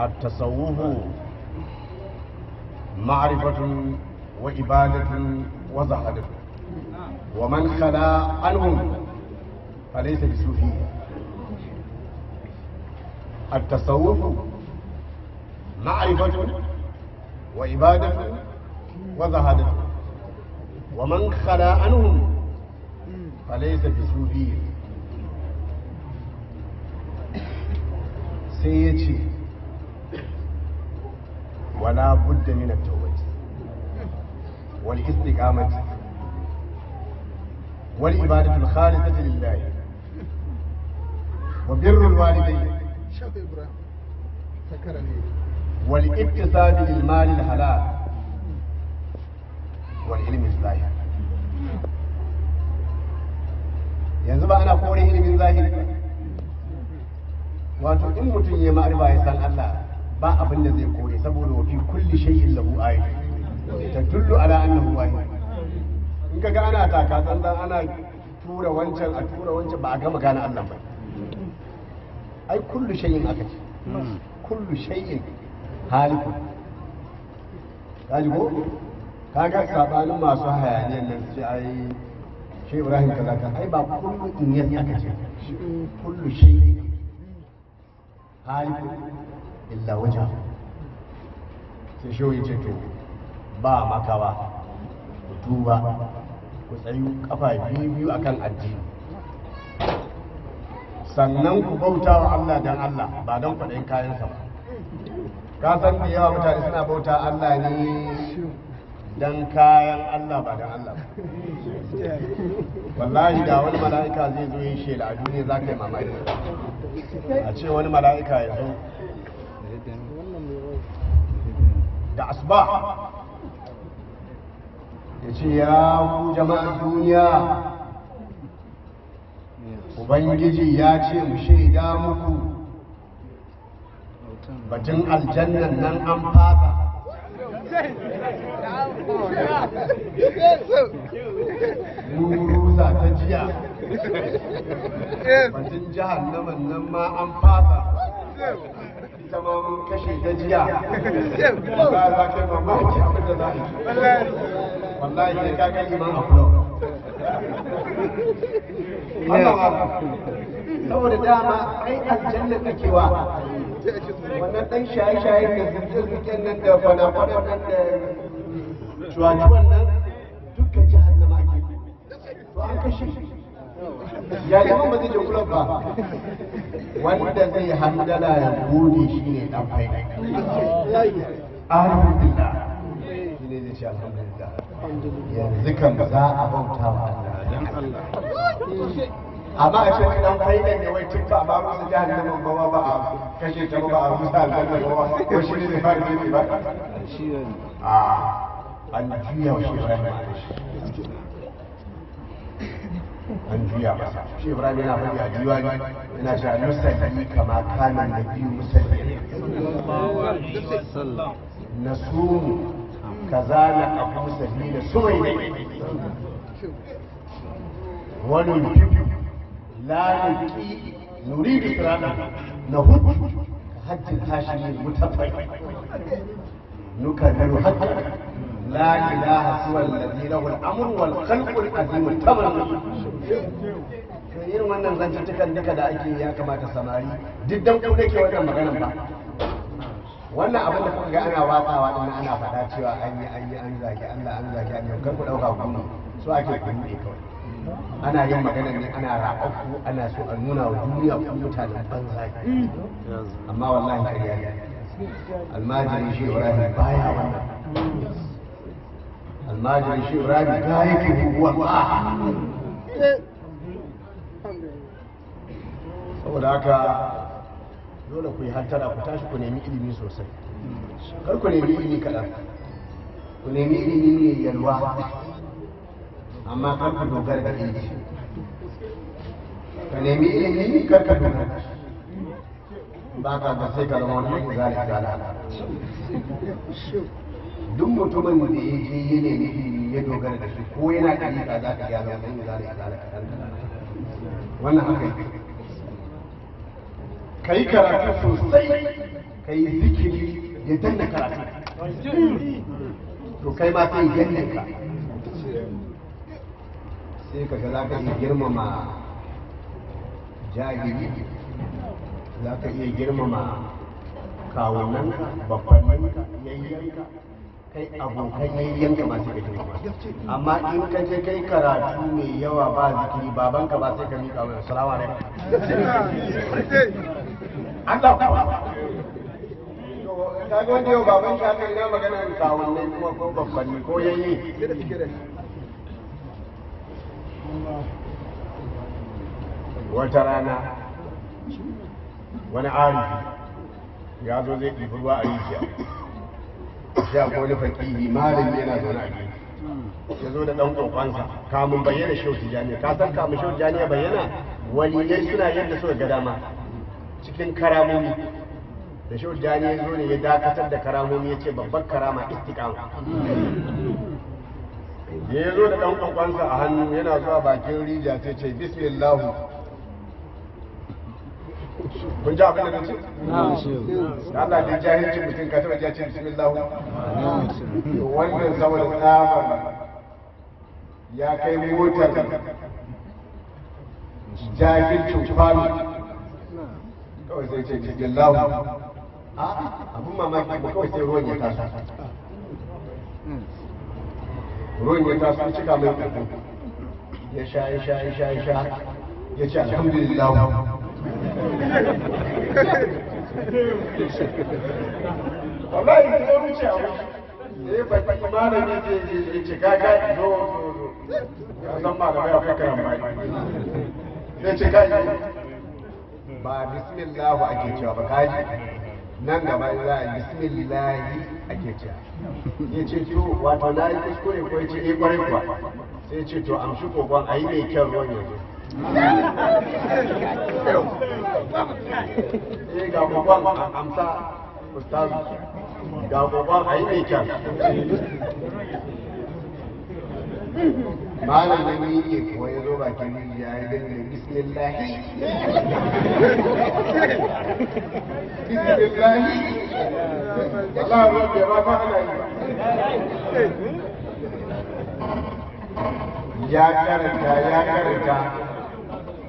التصوف معرفة وإبادة وزهد ومن خلا عنهم فليس بصوفي التصوف معرفة وإبادة وزهد ومن خلا عنهم فليس بصوفي سيدي فلا بد من التوبة والاستقامة والعبادة الخالصة لله وبر الوالدين والاكتساب للمال الحلال والعلم الظاهر yanzu ba ana kore ilimin zahiri ba wato in mutum ya ma'arifa ya san Allah ba abin da zai kore saboda wa fi kulli shay'in lahu ayat tadullu ala annahu wahid in kaga ana taka tsantsan ana tura wancan a tura wancan ba a gama gane Allah ba ai kullu shay'in aka ce kullu shay'in haliku haliku Ka kaga sabanin masu hayaniyan nan sai ai shi Ibrahim kaza ai ba kullu in yasa aka ce kullu shay'in haliku illa wajen sai shi ya ce to ba makawa ku tuba ku tsayu kafa biyu biyu akan addini sannan ku bauta wa Allah dan Allah ba don kwaɗayin kayansa ba ka san da yawa mutane suna bauta Allah ne don kayan Allah ba don Allah ba wallahi da wani mala'ika zai zo yin shela a duniya za ka yi mamaki a ce wani mala'ika ya zo da asuba ya ce ya ku jama'a duniya ubangiji ya ce mu shaida muku batun aljannan nan an fata ruruza ta jiya batun jihar naman nan ma an fasa ita ma mun kashe ta jiya ba za ka mamaki abu da za a yi wallahi sai ka kai ma a saboda dama ai aljanna kake wa wannan dan shaye-shayen da zirgin nan da kwana-kwana. nan da cuwa-cuwan nan dukkan jihar to an kashe ya ba zai je kulan ba wanda zai handala ya gode shi ne dan faida alhamdulillah shi ne zai ce alhamdulillah yanzu kan za a bauta Allah amma a ce dan ne wai ba jahannama ba ba a kashe ta ba a aljanna ba ko shi ne ba ne ba ah. a أنجوية وشيخ إبراهيم معلش أنجوية شيخ إبراهيم أنا فدي أجيوان أنا جاء نسلي كما كان النبي مسلي صلى الله عليه وسلم نصوم كذا نقف سبيل سوي وننفق لا نكي نريد إكراما نهج حج الهاشمي المتفق نكمل حجنا la ilaha siwal ladhi lahu al-amr wal khalqu al-azim tabarruk irin wannan zancitukan duka da ake ya kamata samari duk dan ku ke wannan maganar ba wannan abin da kuka ga ana watsawa din ana faɗa cewa an yi an yi an zagi Allah an zaki an kar ku dauka ku so ake ku ne kawai ana yin maganar ne ana raƙafu ana so a nuna wa duniya ku mutanen zaki. amma wallahi kariya almajiri shi ibrahim baya wannan almajirin shi rabi ta yake saboda haka dole ku yi hantara ku tashi ku nemi ilimi sosai kar ku nemi ilimi kaɗan ku nemi ilimi ne yalwa amma kar ku da ilimi ka nemi ilimi kar ka ba ka ga sai ka zama wani duk mutumin da ya je ya nemi ilimi ya dogara da shi ko yana ɗariƙa za ka gyara zara ya za ka gyara wannan haka yi ka yi karatu sosai ka yi zikiri ya danna karatu to kai ma sai jannan ka sai ka ga za ka iya girmama jahili za ka iya girmama kawunan babban yayyanka kai abokan yayyanka ba sai ka kai amma in ka je kai karatu mai yawa ba zikiri baban ka ba sai ka miƙa wa salamu alaikum Allah ka ga wanda yau baban shi aka ina magana da kawunnai kuma ko babbanni ko yayi wata rana wani arifi ya zo zai ɗibi ruwa a rijiya sai akwai wani fakihi malami yana zaune a gefe ya zo da ɗan ƙoƙonsa kamun bayyana shehu tijjani ka san kamun shehu tijjani ya bayyana waliyai suna yadda suka ga dama cikin karamomi da shehu tijjani ya zo ne ya dakatar da karamomi ya ce babbar karama istiqama ya zo da ɗan ƙoƙonsa a hannu yana zuwa bakin rija sai ce bismillahu kun ji abin da nace Allah da jahilci mutum ka taba jahilci bismillah wannan saboda tsaban ya kai motar jahilcin kwami. kawai sai ce cikin lawo abin mamaki ba kawai sai ruwan ya taso ruwan ya taso cika mai ya sha ya sha ya sha ya sha ya ce alhamdulillah wallahi ki zo wuce a wuce eh baki malami ke ke ce gaga ki zo zo san malamai akwai karamai ya ce kai ba bismillah ake cewa ba kaji nan gaba za a bismillah ake cewa ya ce to wato na yi kuskure ko ya ce eh kwarai kuwa sai ce to amshi kogon a yi mai kyan ruwan yanzu ga ne yake kuwa ya zo bakin ya gani da bismillahi bismillahi Allah ba ana yi ya karanta ya karanta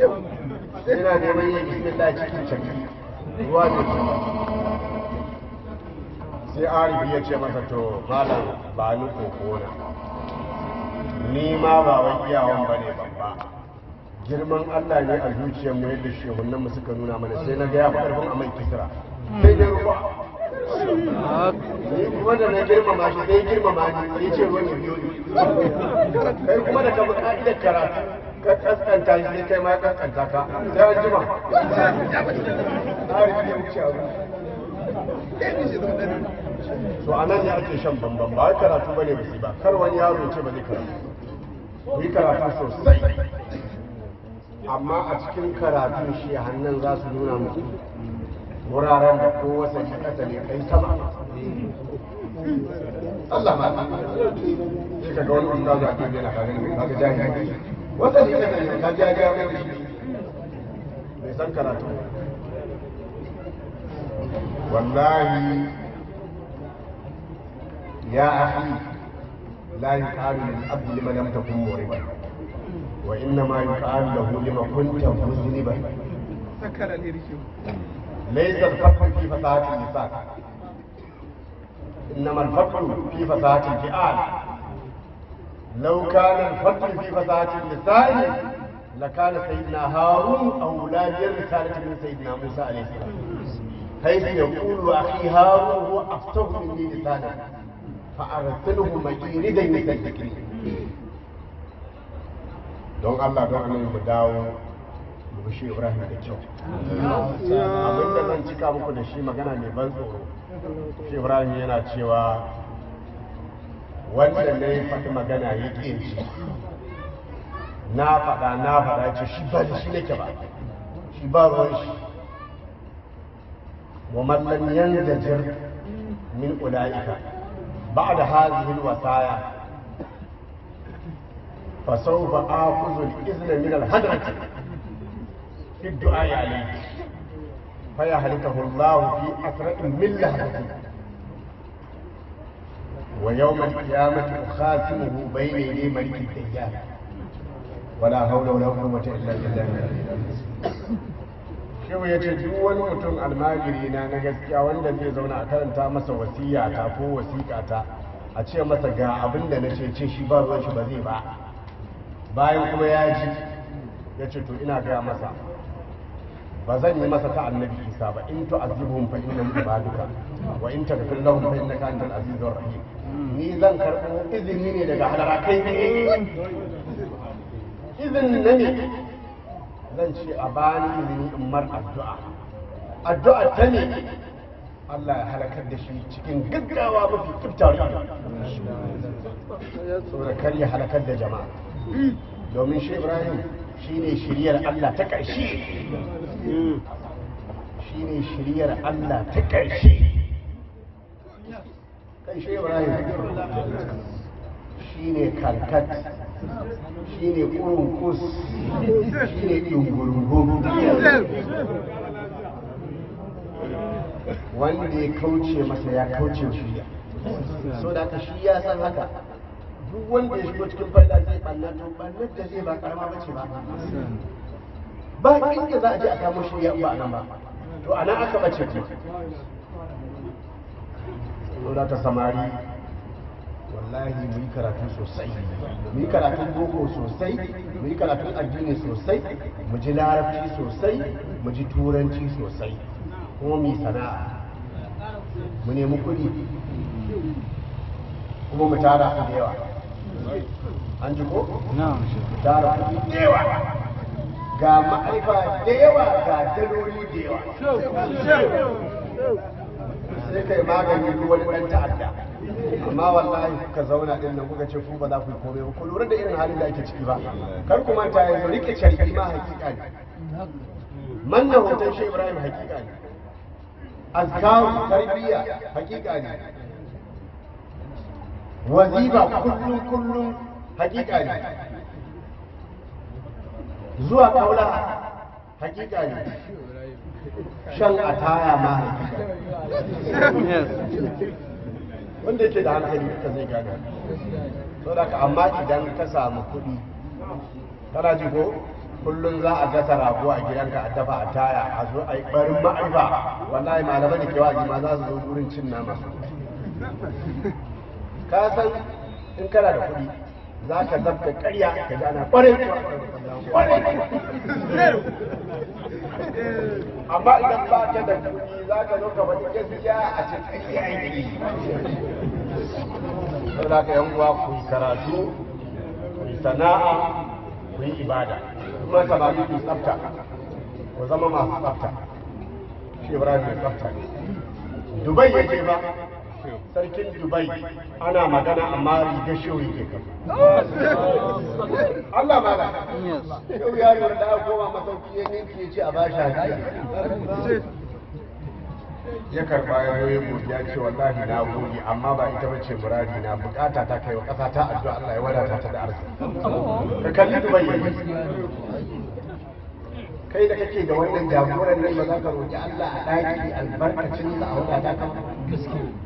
yana neman yin bismillah cikin can ruwa ne sai arifi ya ce masa to malam ba ni koko ni ma ba wai iyawan ba ne babba girman Allah ne a zuciyar mu yadda shehunan mu suka nuna mana sai na ga ya fi karfin amai kisra sai dai ruwa ni kuma da na girmama shi sai girmama ni sai ce ruwa ne biyo ni kai kuma da ka buƙatar karatu ka kaskanta shi sai kai ma ya kaskanta ka sai an jima tsari ne wuce abu to a nan ne ake shan bambam ba karatu ba ne ba sai ba kar wani yaro ya ce ba zai karatu yi karatu sosai amma a cikin karatu shi hannun za su nuna musu wuraren da ko wasa shi kasa ne kai sama Allah ma sai ka ga wani ustazu a kan yana kare ne ka ga jahili والله يا أخي لا يقال للأب لما لم تكن مربا وإنما يقال له لما كنت مذنبا ليس الفرق في فتاة النساء إنما الفرق في فتاة الفئات لو كان الفضل في فتاة النساء لكان سيدنا هارون أولى برسالة من سيدنا موسى عليه السلام حيث يقول أخي هارون هو أفصح مني لسانا فأرسله مجيردا يصدقني don Allah don annabi mu dawo mu bishi Ibrahim da kyau abinda zan cika muku da shi magana mai wanda na yi faɗi magana ya ƙi shi na faɗa na faɗa ce shi ba shi nake ba shi ba ruwan shi wa mallan yan da jir min ula'ika ba da yin wasaya ya? sau ba a kuzo da izina min alhadarci fi du'a ya alayi fa ya halitta hullahu fi asra'in min lahadarci ويوم القيامة أخاتمه بين يدي ملك الدجال ولا حول ولا قوة إلا بالله Shehu ya ce duk wani mutum almajiri na na gaskiya wanda zai zauna a karanta masa wasiya ta ko wasiƙa ta a ce masa ga abin da na ce shi ba ruwan shi ba zai ba bayan kuma ya ji ya ce to ina gaya masa ba zan yi masa ta annabi isa ba in to azibun fa inna wa in taghfir lahum fa innaka antal azizur rahim ni zan karɓo izini ne daga halara kai Izini izinin ne zan ce a bani izini in mar addu'a addu'a ta ne Allah ya halakar da shi cikin gaggawa mafi kiftar saboda kar ya halakar da jama'a domin shi Ibrahim shine shiryar Allah ta ƙarshe shine shiryar Allah ta ƙarshe shi ne karkat shi ne kurunkus shi ne wanda ya kauce masa ya kauce shi so da ka shi san haka duk wanda ya shigo cikin falla zai ɓanna to da zai ba karama ba ce ba ba inda za a je a kamo shi ya ba nan ba to ana aka bace ce saboda ta samari wallahi mu yi karatu sosai mu yi karatun boko sosai mu yi karatun addini sosai mu ji larabci sosai mu ji turanci sosai kuma mu sana'a mu nemi kuɗi kuma mu tara su yawa an ji ko? mu tara kuɗi yawa ga ma'aifa da yawa ga daloli da yawa sai kai magani ko wani dan ta'adda amma wallahi kuka zauna din nan kuka ce ku ba za ku yi komai ba ku lura da irin halin da ake ciki ba kar ku manta zo rike carki ma hakika ne manna hoton shi Ibrahim hakika ne azkaru tarbiyya hakika ne waziba kullum kullum hakika ne zuwa kaula hakika ne shan a taya ma wanda yake da hankali ta zai gane ka amma idan ka samu kuɗi kana ji ko kullum za a gasa rago a gidanka a dafa a taya a zo a yi barin ma'aifa wallahi malaman da ke wa'azi ma za su zo wurin cin nama ka san in kana da kuɗi za ka zabta karya ka gana ƙwarai amma idan ba ta da kuɗi za ka zo ka wani gaskiya a cikin yayi sau da ka yan uwa ku karatu ku sana'a ku ibada kuma ba ku tsafta ku zama masu tsafta shi ibrahim ya tsafta ne dubai yake ba sarkin dubai ana magana amma riga shehu ke kama. Allah ba da yau ya yi da koma masauki ya ninki ya ce a bashi hadiya ya karba yayoyin godiya ce wallahi na gobe amma ba ita bace muradi na bukata ta kai wa kasa ta addu'a Allah ya wadata ta da arziki ka kalli dubai kai da kake da wannan jagoran nan ba za ka roki Allah a daki albarkacin sa a wadata ka gaskiya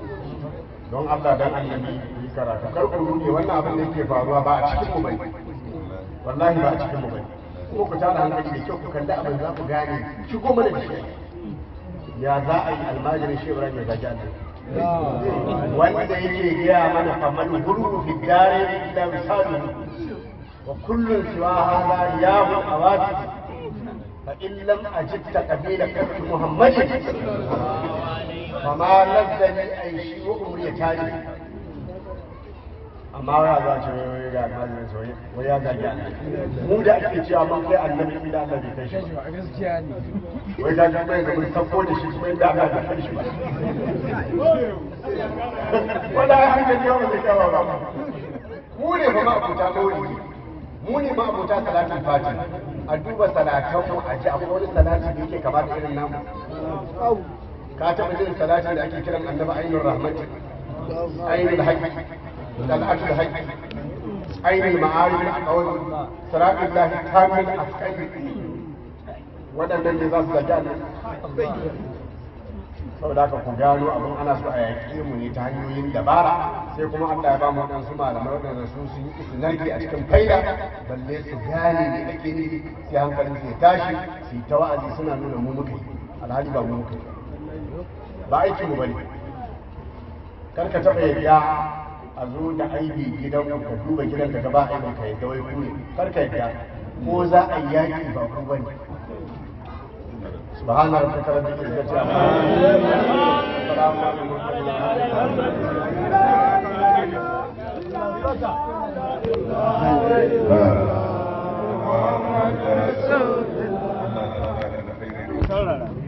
don Allah dan annabi yi karatu kar ku rude wannan abin da yake faruwa ba a cikin mu bai wallahi ba a cikin mu bai kuma ku tada hankali da kyau ku kalli abin za ku gane shi ko mana da shi ya za a yi almajirin shi Ibrahim ya zaki Allah wanda yake gaya mana faman gurbu fi dare illa misali wa kullun siwa hada yahu awati fa illam ajibta qabila kafi muhammadin yi لذني أي شيء وأمري تاري amma wani abu a ce wai ga kalin soyi wai ya gaji mu da ake cewa mun kai annabi ila Allah bai kai shi ba gaskiya ne wai ga gaban da mun sako da shi kuma da Allah bai shi ba wala an ga yau da kawa ba mu ne ba ma abuta maulidi mu ne salatin a duba salatan mu a ji akwai wani salati da yake kamar irin namu ka taɓa jin salatin da ake kiran annabi ainihin rahmati ainihin haƙƙi al'adul haƙƙi ainihin ma'arif a ƙawai salatin lahi kamil a kai waɗannan ne za su zaki annabi saboda haka ku gano abin ana so a yaƙe mu ne ta hanyoyin dabara sai kuma Allah ya ba mu waɗansu malamai waɗanda su sun yi su narke a cikin faida balle su gane ne ake nufi sai hankalin su ya tashi su yi ta wa'azi suna nuna mu muka yi alhali ba mu muka yi ba aiki mu bane karka taba yadda a zo da aibi gidan ku ka duba gidan ka ba aibi ka yadda wai ku ne karka yadda ko za a yi yaki ba ku bane سبحان الله وتعالى ذلك الجزاء امين السلام عليكم ورحمه الله وبركاته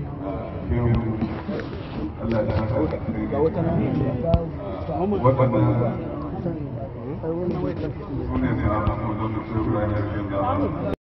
Allah da haka waɗanda su ne ne a